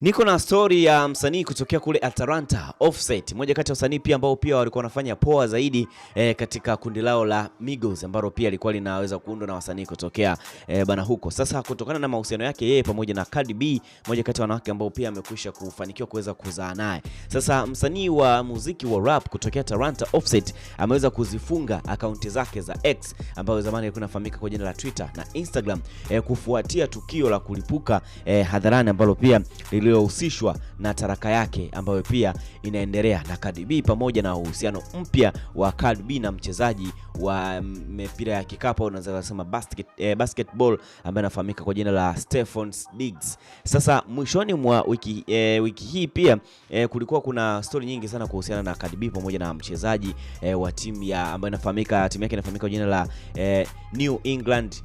Niko na stori ya msanii kutokea kule Atlanta Offset, moja kati ya wasanii pia ambao pia walikuwa wanafanya poa zaidi e, katika kundi lao la Migos ambalo pia alikuwa linaweza kuundwa na wasanii kutokea e, bana huko. Sasa kutokana na mahusiano yake yeye pamoja na Cardi B, moja kati ya wanawake ambao pia amekwisha kufanikiwa kuweza kuzaa naye. Sasa msanii wa muziki wa rap kutokea Atlanta Offset ameweza kuzifunga akaunti zake za X ambayo zamani ilikuwa inafahamika kwa jina la Twitter na Instagram e, kufuatia tukio la kulipuka e, hadharani ambalo pia uliohusishwa na taraka yake ambayo pia inaendelea na Cardi B pamoja na uhusiano mpya wa Cardi B na mchezaji wa mm, mipira ya kikapu unaweza kusema basket, eh, basketball ambaye anafahamika kwa jina la Stephen Diggs. Sasa mwishoni mwa wiki, eh, wiki hii pia eh, kulikuwa kuna story nyingi sana kuhusiana na Cardi B pamoja na mchezaji eh, wa timu ya ambayo inafahamika timu yake inafahamika kwa jina la eh, New England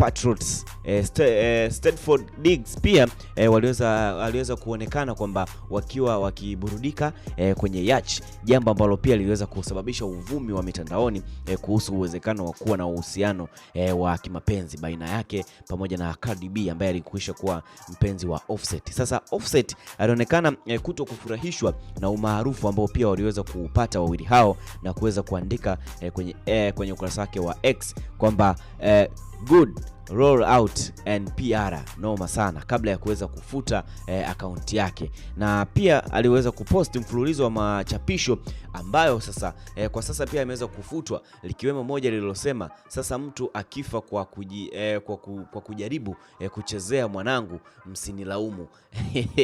Patriots. E, eh, st e, eh, Diggs pia e, waliweza waliweza kuonekana kwamba wakiwa wakiburudika e, kwenye yach jambo ambalo pia liliweza kusababisha uvumi wa mitandaoni e, kuhusu uwezekano wa kuwa na uhusiano e, wa kimapenzi baina yake pamoja na Cardi B ambaye alikuisha kuwa mpenzi wa Offset. Sasa Offset alionekana e, kuto kufurahishwa na umaarufu ambao pia waliweza kuupata wawili hao na kuweza kuandika e, kwenye e, kwenye ukurasa wake wa X kwamba e, good roll out and PR noma sana, kabla ya kuweza kufuta eh, akaunti yake, na pia aliweza kupost mfululizo wa machapisho ambayo sasa eh, kwa sasa pia ameweza kufutwa, likiwemo moja lililosema sasa mtu akifa kwa, kuji, eh, kwa, ku, kwa kujaribu eh, kuchezea mwanangu msinilaumu.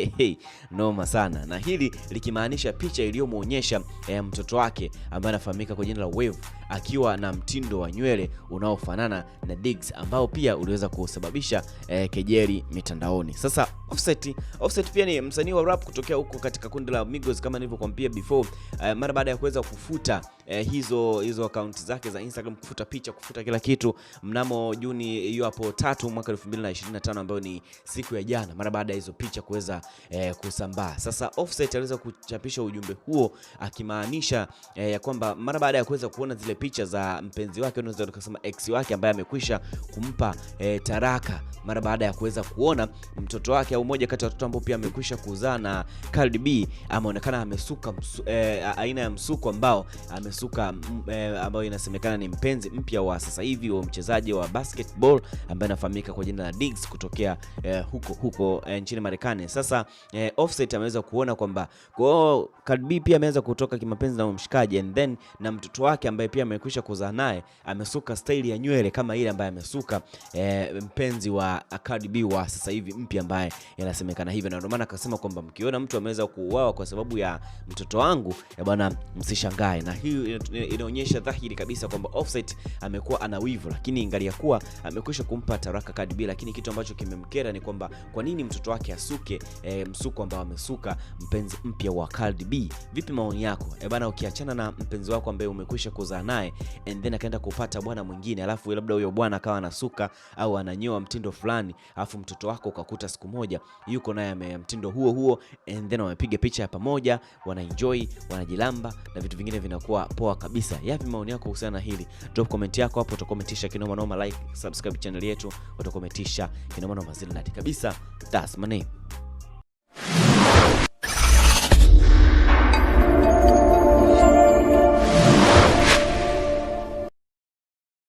noma sana, na hili likimaanisha picha iliyomwonyesha eh, mtoto wake ambaye anafahamika kwa jina la Wave akiwa na mtindo wa nywele unaofanana na Diggs ambao pia uliweza kusababisha eh, kejeli mitandaoni. Sasa Offset, Offset pia ni msanii wa rap kutokea huko katika kundi la Migos kama nilivyokuambia before, eh, mara baada ya kuweza kufuta eh, hizo hizo akaunti zake za Instagram, kufuta picha, kufuta kila kitu mnamo Juni hiyo hapo tatu mwaka 2025 ambayo ni siku ya jana, mara baada ya hizo picha kuweza eh, kusambaa. Sasa Offset aliweza kuchapisha ujumbe huo akimaanisha eh, ya kwamba mara baada ya kuweza kuona zile picha za mpenzi wake, unaweza kusema ex wake ambaye amekwisha kumpa e, taraka mara baada ya kuweza kuona mtoto wake au mmoja kati ya watoto ambao pia amekwisha kuzaa na Cardi B ameonekana amesuka msu, e, aina ya msuko ambao amesuka mm, e, eh, ambayo inasemekana ni mpenzi mpya wa sasa hivi wa mchezaji wa basketball ambaye anafahamika kwa jina la Diggs kutokea e, huko huko e, nchini Marekani. Sasa e, Offset ameweza kuona kwamba kwa Cardi B pia ameweza kutoka kimapenzi na mshikaji and then na mtoto wake ambaye pia amekwisha kuzaa naye amesuka staili ya nywele kama ile ambayo amesuka e, mpenzi wa Cardi B wa sasa hivi mpya ambaye yanasemekana hivyo, na ndio maana akasema kwamba mkiona mtu ameweza kuuawa kwa sababu ya mtoto wangu bwana, msishangae. Na hii inaonyesha dhahiri kabisa kwamba Offset amekuwa ana wivu, lakini ingalia kuwa amekwisha kumpa taraka Cardi B, lakini kitu ambacho kimemkera ni kwamba kwa nini mtoto wake asuke e, msuko ambao amesuka mpenzi mpya wa Cardi B. Vipi maoni yako e bwana, ukiachana na mpenzi wako ambaye umekwisha kuzaa naye and then akaenda kupata bwana mwingine, alafu labda huyo bwana akawa anasuka au ananyoa mtindo fulani, afu mtoto wako ukakuta siku moja yuko naye mtindo huo huo, and then wamepiga picha ya pamoja, enjoy, wanajilamba na vitu vingine vinakuwa poa kabisa. Yapi maoni yako kuhusiana na hili? Drop comment yako hapo, utakometisha kinoma noma. Like, subscribe channel yetu, utakometisha kinoma noma zile kabisa. That's my name.